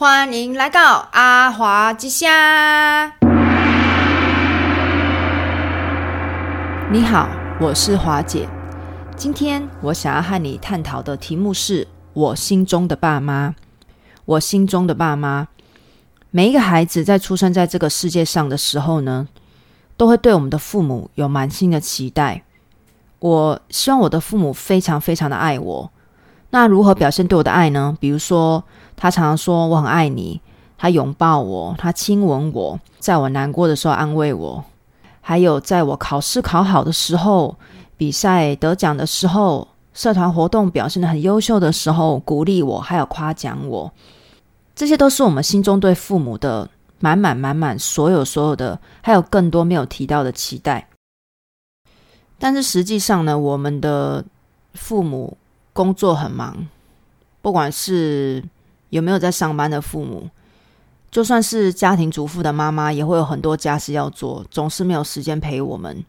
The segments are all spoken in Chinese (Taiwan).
歡迎來到阿華之聲。你好，我是華姐。今天我想要和你探討的題目是“我心中的爸媽”。我心中的爸媽，每一個孩子在出生在這個世界上的時候呢，都會對我們的父母有滿心的期待。我希望我的父母非常非常的愛我。那如何表現對我的愛呢？比如說，他常常說我很愛你，他擁抱我，他親吻我，在我難過的時候安慰我，還有在我考試考好的時候、比賽得獎的時候、社團活動表現得很優秀的時候，鼓勵我，還有誇獎我，這些都是我們心中對父母的滿滿滿滿所有所有的，還有更多沒有提到的期待。但是實際上呢，我們的父母，工作很忙，不管是有沒有在上班的父母，就算是家庭主婦的媽媽，也會有很多家事要做，總是沒有時間陪我們。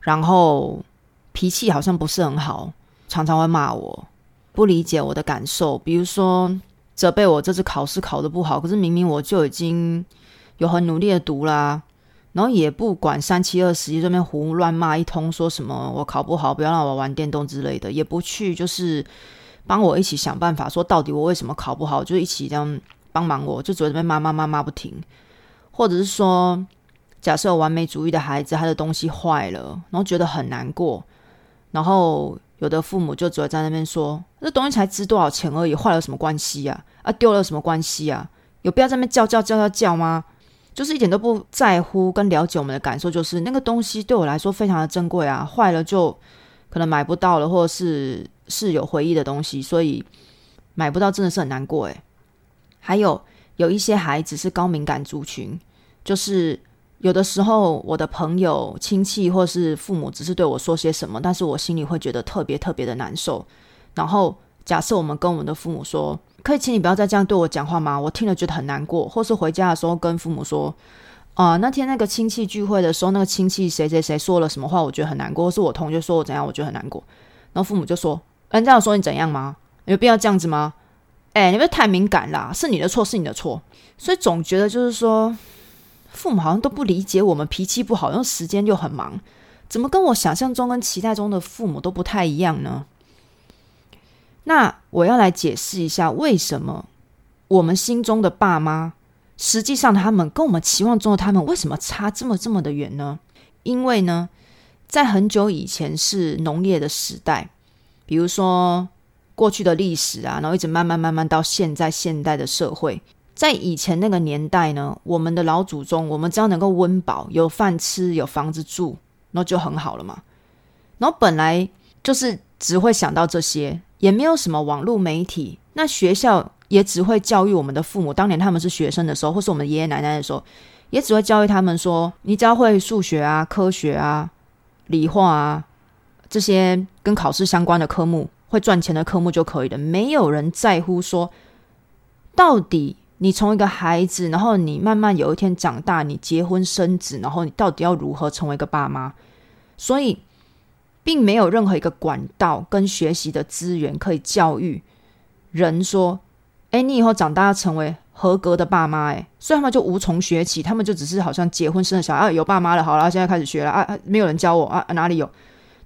然後脾氣好像不是很好，常常會罵我，不理解我的感受，比如說責備我這次考試考得不好，可是明明我就已經有很努力的讀啦。然後也不管三七二十一，這邊胡亂罵一通，說什麼我考不好，不要讓我玩電動之類的，也不去就是幫我一起想辦法，說到底我為什麼考不好，就一起這樣幫忙我，就只會在那邊罵罵罵罵不停。或者是說，假設有完美主義的孩子，他的東西壞了，然後覺得很難過，然後有的父母就只會在那邊說，這東西才值多少錢而已，壞了有什麼關係呀？啊？啊，丟了有什麼關係啊？有必要在那邊叫叫叫叫叫，叫、叫嗎？就是一點都不在乎跟了解我們的感受，就是那個東西對我來說非常的珍貴啊，壞了就可能買不到了，或者是是有回憶的東西，所以買不到真的是很難過誒。還有有一些孩子是高敏感族群，就是有的時候我的朋友、親戚或者是父母只是對我說些什麼，但是我心裡會覺得特別特別的難受。然後假設我們跟我們的父母說。可以，請你不要再這樣對我講話嗎？我聽了覺得很難過。或是回家的時候跟父母說：“啊、呃，那天那個親戚聚會的時候，那個親戚誰誰誰說了什麼話，我覺得很難過。”或是我同學說我怎樣，我覺得很難過。然後父母就說：“人家有說你怎樣嗎？有必要這樣子嗎？”哎，你不是太敏感啦、啊，是你的錯，是你的錯。所以總覺得就是說，父母好像都不理解我們脾氣不好，因為時間又很忙，怎麼跟我想象中跟期待中的父母都不太一樣呢？那我要來解釋一下，為什麼我們心中的爸媽，實際上他們跟我們期望中的他們，為什麼差這麼這麼的遠呢？因為呢，在很久以前是農業的時代，比如說過去的歷史啊，然後一直慢慢慢慢到現在現代的社會，在以前那個年代呢，我們的老祖宗，我們只要能夠溫飽，有飯吃，有房子住，那就很好了嘛。然後本來就是只會想到這些。也沒有什麼網絡媒體，那學校也只會教育我們的父母，當年他們是學生的時候，或是我們爺爺奶奶的時候，也只會教育他們說：你只要會數學啊、科學啊、理化啊這些跟考試相關的科目，會賺錢的科目就可以了。沒有人在乎說，到底你從一個孩子，然後你慢慢有一天長大，你結婚生子，然後你到底要如何成為一個爸媽？所以。並沒有任何一個管道跟學習的資源可以教育人說：“誒，你以後長大要成為合格的爸媽。”誒，所以他們就無從學起，他們就只是好像結婚生了小孩，啊，有爸媽了，好了，現在開始學了啊啊，沒有人教我啊，哪裡有？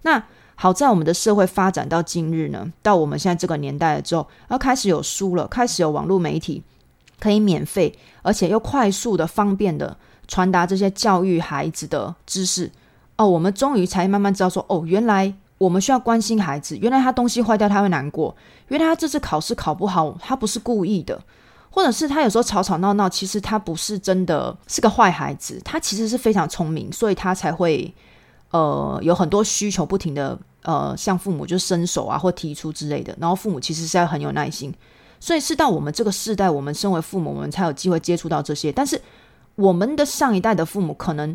那好在我們的社會發展到今日呢，到我們現在這個年代了之後，要、啊，開始有書了，開始有網絡媒體可以免費，而且又快速的、方便的傳達這些教育孩子的知識。哦，我們終於才慢慢知道說，哦，原來我們需要關心孩子。原來他東西壞掉他會難過。原來他這次考試考不好，他不是故意的，或者是他有時候吵吵鬧鬧，其實他不是真的是個壞孩子。他其實是非常聰明，所以他才會呃有很多需求不停的呃向父母就伸手啊或提出之類的。然後父母其實是要很有耐心，所以是到我們這個世代，我們身為父母，我們才有機會接觸到這些。但是我們的上一代的父母可能。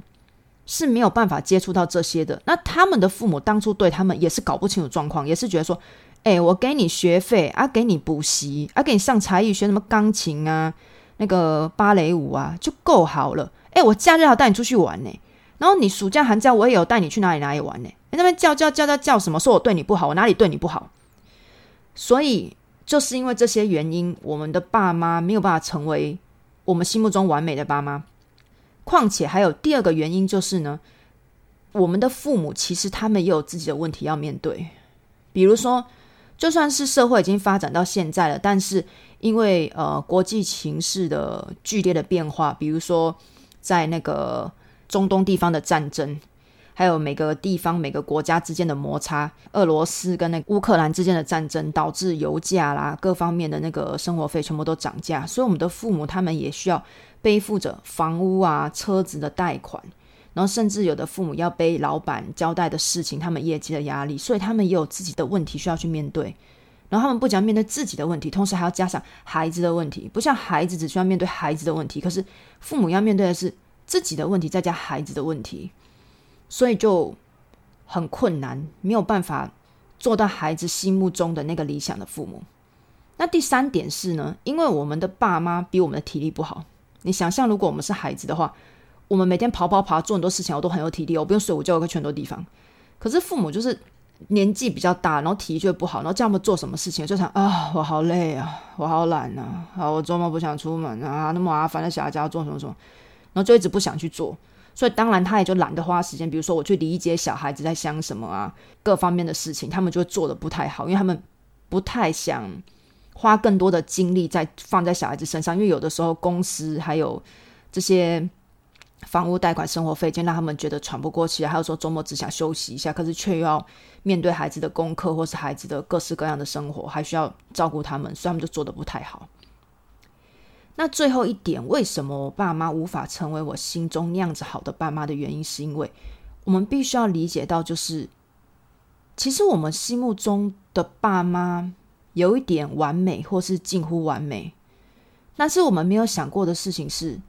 是沒有辦法接觸到這些的。那他們的父母當初對他們也是搞不清楚狀況，也是覺得說，誒、欸，我給你學費啊，給你補習啊，給你上才藝，學什麼鋼琴啊，那個芭蕾舞啊，就夠好了。誒、欸，我假日好帶你出去玩呢，然後你暑假寒假我也有帶你去哪裡哪裡玩呢。哎，那邊叫叫叫叫叫什麼？說我對你不好，我哪裡對你不好？所以就是因為這些原因，我們的爸媽沒有辦法成為我們心目中完美的爸媽。況且還有第二個原因就是呢，我們的父母其實他們也有自己的問題要面對，比如說，就算是社會已經發展到現在了，但是因為呃國際形勢的劇烈的變化，比如說在那個中東地方的戰爭。還有每個地方、每個國家之間的摩擦，俄羅斯跟那烏克蘭之間的戰爭，導致油價啦、各方面的那個生活費全部都漲價。所以我們的父母他們也需要背負着房屋啊、車子的貸款，然後甚至有的父母要背老闆交代的事情，他們業績的壓力，所以他們也有自己的問題需要去面對。然後他們不僅要面對自己的問題，同時還要加上孩子的問題。不像孩子只需要面對孩子的問題，可是父母要面對的是自己的問題再加孩子的問題。所以就很困難，沒有辦法做到孩子心目中的那個理想的父母。那第三點是呢，因為我們的爸媽比我們的體力不好。你想象，如果我們是孩子的話，我們每天跑跑跑，做很多事情，我都很有體力，我不用睡午覺，我可以去很多地方。可是父母就是年紀比較大，然後體力就不好，然後叫我們做什麼事情，就想啊，我好累啊，我好懶啊，啊，我週末不想出門啊，那麼麻煩的小孩家要做什麼什麼，然後就一直不想去做。所以當然，他也就懶得花時間。比如說，我去理解小孩子在想什麼啊，各方面的事情，他們就做得不太好，因為他們不太想花更多的精力在放在小孩子身上。因為有的時候，公司還有這些房屋貸款、生活費，就讓他們覺得喘不過氣。還有說，周末只想休息一下，可是卻又要面對孩子的功課，或是孩子的各式各樣的生活，還需要照顧他們，所以他們就做得不太好。那最後一點，為什麼我爸媽無法成為我心中那樣子好的爸媽的原因，是因為我們必須要理解到，就是其實我們心目中的爸媽有一點完美，或是近乎完美。但是我們沒有想過的事情是，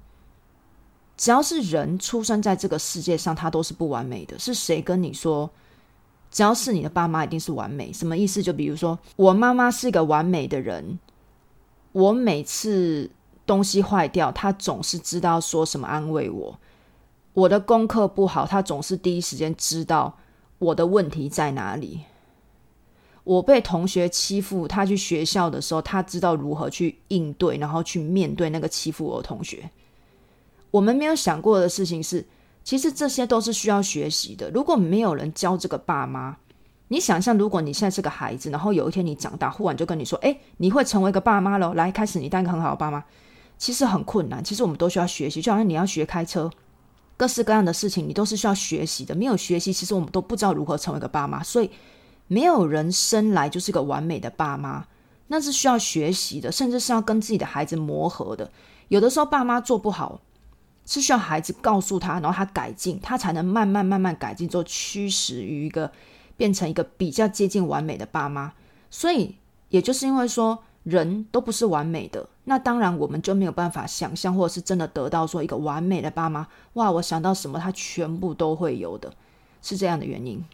只要是人出生在這個世界上，他都是不完美的。是誰跟你說，只要是你的爸媽一定是完美？什麼意思？就比如說，我媽媽是一個完美的人，我每次。東西壞掉，他總是知道說什麼安慰我。我的功課不好，他總是第一時間知道我的問題在哪裡。我被同學欺負，他去學校的時候，他知道如何去應對，然後去面對那個欺負我的同學。我們沒有想過的事情是，其實這些都是需要學習的。如果沒有人教這個爸媽，你想象，如果你現在是個孩子，然後有一天你長大，忽然就跟你說：“誒，你會成為一個爸媽嘍。”來，開始你當一個很好的爸媽。其實很困難，其實我們都需要學習，就好像你要學開車，各式各樣的事情你都是需要學習的。沒有學習，其實我們都不知道如何成為一個爸媽，所以沒有人生來就是一個完美的爸媽，那是需要學習的，甚至是要跟自己的孩子磨合的。有的時候爸媽做不好，是需要孩子告訴他，然後他改進，他才能慢慢慢慢改進，做趨勢於一個變成一個比較接近完美的爸媽。所以也就是因為說。人都不是完美的，那當然我們就沒有辦法想象，或者是真的得到說一個完美的爸媽。哇，我想到什麼，他全部都會有的，是這樣的原因。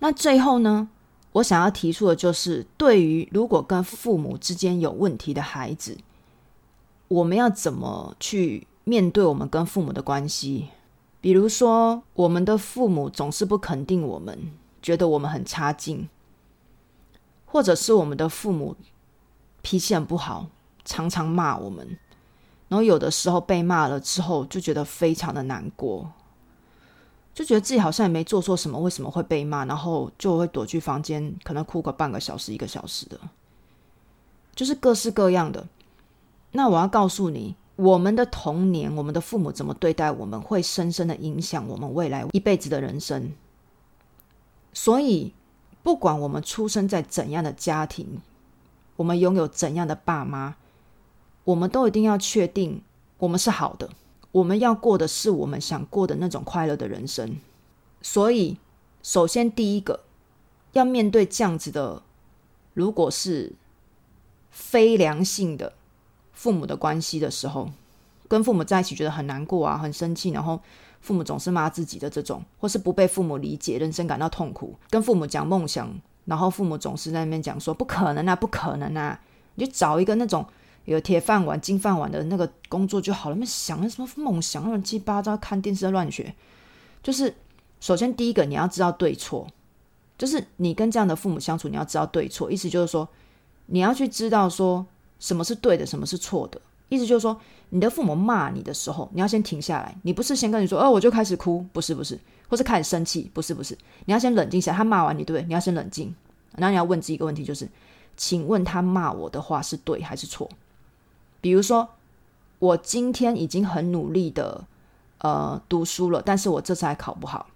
那最後呢，我想要提出的就是，對於如果跟父母之間有問題的孩子，我們要怎麼去面對我們跟父母的關係？比如說，我們的父母總是不肯定我們，覺得我們很差勁，或者是我們的父母。脾氣很不好，常常罵我們，然後有的時候被罵了之後，就覺得非常的難過，就覺得自己好像也沒做錯什麼，為什麼會被罵？然後就會躲去房間，可能哭個半個小時、一個小時的，就是各式各樣的。那我要告訴你，我們的童年，我們的父母怎麼對待我們，會深深的影響我們未來一輩子的人生。所以，不管我們出生在怎樣的家庭，我們擁有怎樣的爸媽，我們都一定要確定我們是好的。我們要過的是我們想過的那種快樂的人生。所以，首先第一個要面對這樣子的，如果是非良性的父母的關係的時候，跟父母在一起覺得很難過啊，很生氣，然後父母總是罵自己的這種，或是不被父母理解，人生感到痛苦，跟父母講夢想。然後父母總是在那邊講說不可能啊，不可能啊！你就找一個那種有鐵飯碗、金飯碗的那個工作就好了。那想什麼夢想亂七八糟，看電視亂學，就是首先第一個你要知道對錯，就是你跟這樣的父母相處，你要知道對錯，意思就是說你要去知道說什麼是對的，什麼是錯的。意思就是說，你的父母罵你的時候，你要先停下來。你不是先跟你說，哦，我就開始哭，不是不是，或是開始生氣，不是不是。你要先冷靜下來。他罵完你，對不對？你要先冷靜，然後你要問自己一個問題，就是，請問他罵我的話是對還是錯？比如說，我今天已經很努力的呃讀書了，但是我這次還考不好。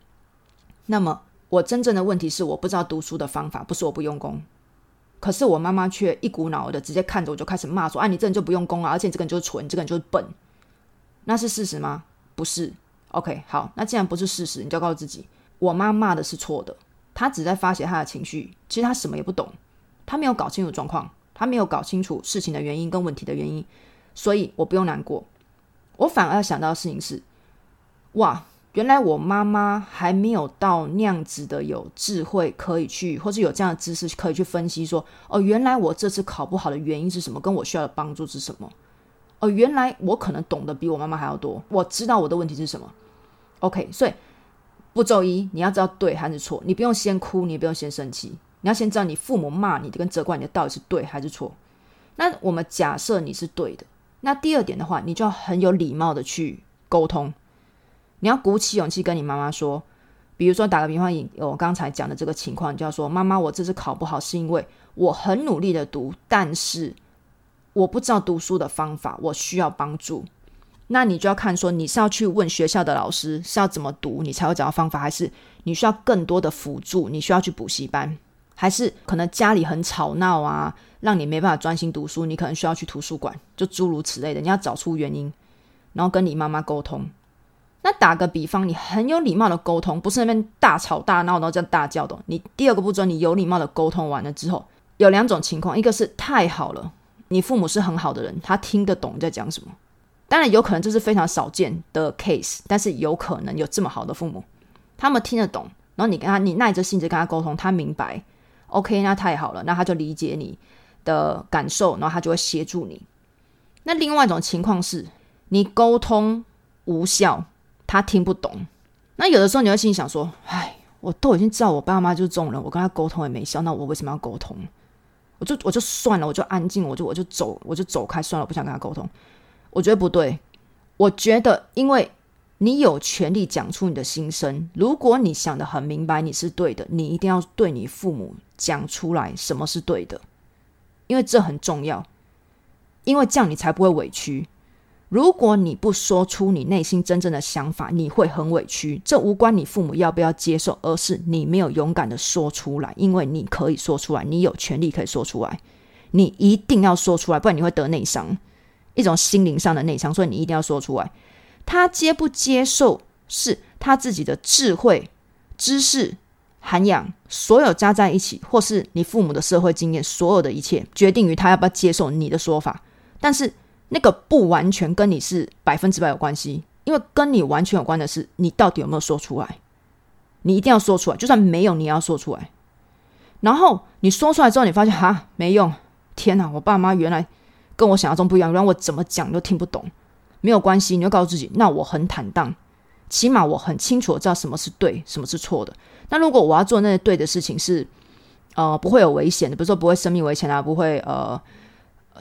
那麼我真正的問題是，我不知道讀書的方法，不是我不用功。可是我媽媽卻一股腦的直接看着我就開始罵說：“啊，你這個人就不用功啊，而且你這個人就是蠢，你這個人就是笨。”那是事實嗎？不是。OK，好，那既然不是事實，你就告訴自己，我媽罵的是錯的，她只在發洩她的情緒，其實她什麼也不懂，她沒有搞清楚狀況，她沒有搞清楚事情的原因跟問題的原因，所以我不用難過，我反而要想到的事情是，哇。原來我媽媽還沒有到那樣子的有智慧，可以去，或是有這樣的知識可以去分析說：哦，原來我這次考不好的原因是什麼？跟我需要的幫助是什麼？哦，原來我可能懂得比我媽媽還要多，我知道我的問題是什麼。OK，所以步驟一，你要知道對還是錯，你不用先哭，你也不用先生氣，你要先知道你父母罵你的跟責怪你的到底是對還是錯。那我們假設你是對的，那第二點的話，你就要很有禮貌的去溝通。你要鼓起勇氣跟你媽媽說，比如說打個比方，以我剛才講的這個情況，你就要說：“媽媽，我這次考不好，是因為我很努力的讀，但是我不知道讀書的方法，我需要幫助。”那你就要看說你是要去問學校的老師是要怎麼讀，你才會找到方法，還是你需要更多的輔助，你需要去補習班，還是可能家裡很吵鬧啊，讓你沒辦法專心讀書，你可能需要去圖書館，就諸如此類的。你要找出原因，然後跟你媽媽溝通。那打個比方，你很有禮貌的溝通，不是那邊大吵大鬧，然後這樣大叫的。你第二個步驟，你有禮貌的溝通完了之後，有兩種情況：一個是太好了，你父母是很好的人，他聽得懂你在講什麼。當然有可能就是非常少見的 case，但是有可能有這麼好的父母，他們聽得懂，然後你跟他，你耐着性子跟他溝通，他明白。OK，那太好了，那他就理解你的感受，然後他就會協助你。那另外一種情況是，你溝通無效。他聽不懂，那有的時候你會心裡想說：“唉，我都已經知道我爸媽就是這種人，我跟他溝通也沒效，那我為什麼要溝通？我就我就算了，我就安靜，我就我就走，我就走開算了，我不想跟他溝通。”我覺得不對，我覺得因為你有權利講出你的心聲，如果你想得很明白，你是對的，你一定要對你父母講出來什麼是對的，因為這很重要，因為這樣你才不會委屈。如果你不說出你內心真正的想法，你會很委屈。這無關你父母要不要接受，而是你沒有勇敢的說出來。因為你可以說出來，你有權利可以說出來，你一定要說出來，不然你會得內傷，一種心靈上的內傷。所以你一定要說出來。他接不接受是他自己的智慧、知識、涵養，所有加在一起，或是你父母的社會經驗，所有的一切，決定於他要不要接受你的說法。但是，那個不完全跟你是百分之百有關係，因為跟你完全有關的是你到底有沒有說出來。你一定要說出來，就算沒有，你也要說出來。然後你說出來之後，你發現哈沒用，天哪！我爸媽原來跟我想象中不一樣，原來我怎麼講都聽不懂。沒有關係，你就告訴自己，那我很坦蕩，起碼我很清楚知道什麼是對，什麼是錯的。那如果我要做那些對的事情是呃不會有危險的，比如說不會生命危險啊，不會呃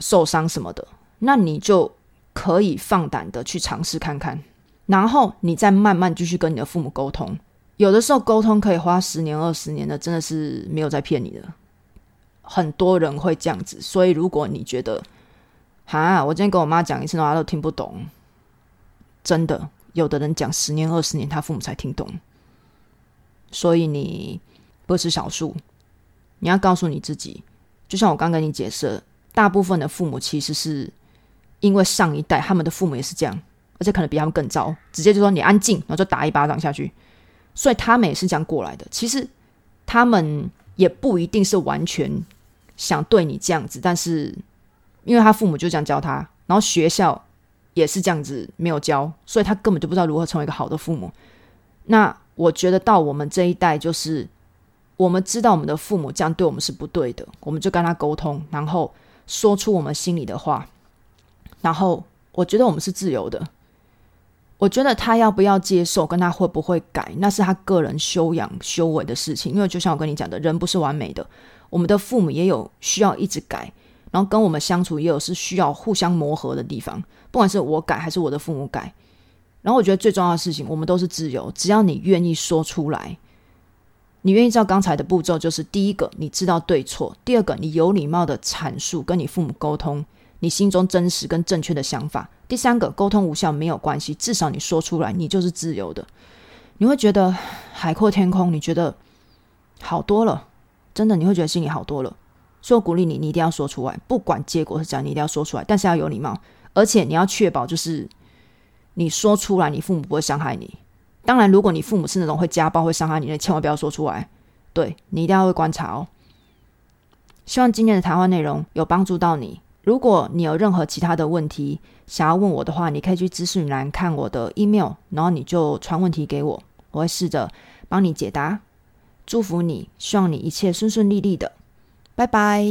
受傷什麼的。那你就可以放膽的去嘗試看看，然後你再慢慢繼續跟你的父母溝通。有的時候溝通可以花十年、二十年的，真的是沒有在騙你的。很多人會這樣子，所以如果你覺得，哈，我今天跟我媽講一次的話都聽不懂，真的，有的人講十年、二十年，他父母才聽懂。所以你不是少數，你要告訴你自己，就像我剛跟你解釋，大部分的父母其實是。因為上一代他們的父母也是這樣，而且可能比他們更糟，直接就說你安靜，然後就打一巴掌下去。所以他們也是這樣過來的。其實他們也不一定是完全想對你這樣子，但是因為他父母就這樣教他，然後學校也是這樣子沒有教，所以他根本就不知道如何成為一個好的父母。那我覺得到我們這一代，就是我們知道我們的父母這樣對我們是不對的，我們就跟他溝通，然後說出我們心裡的話。然後我覺得我們是自由的，我覺得他要不要接受，跟他會不會改，那是他個人修養修為的事情。因為就像我跟你講的，人不是完美的，我們的父母也有需要一直改，然後跟我們相處也有是需要互相磨合的地方。不管是我改還是我的父母改，然後我覺得最重要的事情，我們都是自由，只要你願意說出來，你願意照剛才的步驟，就是第一個你知道對錯，第二個你有禮貌的闡述，跟你父母溝通。你心中真實跟正確的想法。第三個，溝通無效沒有關係，至少你說出來，你就是自由的。你會覺得海闊天空，你覺得好多了，真的，你會覺得心裡好多了。所以我鼓勵你，你一定要說出來，不管結果是怎樣，你一定要說出來，但是要有禮貌，而且你要確保就是你說出來，你父母不會傷害你。當然，如果你父母是那種會家暴、會傷害你的，千萬不要說出來。對，你一定要會觀察哦。希望今天的談話內容有幫助到你。如果你有任何其他的問題想要問我的話，你可以去資訊欄看我的 email，然後你就傳問題給我，我會試着幫你解答。祝福你，希望你一切順順利利的。拜拜。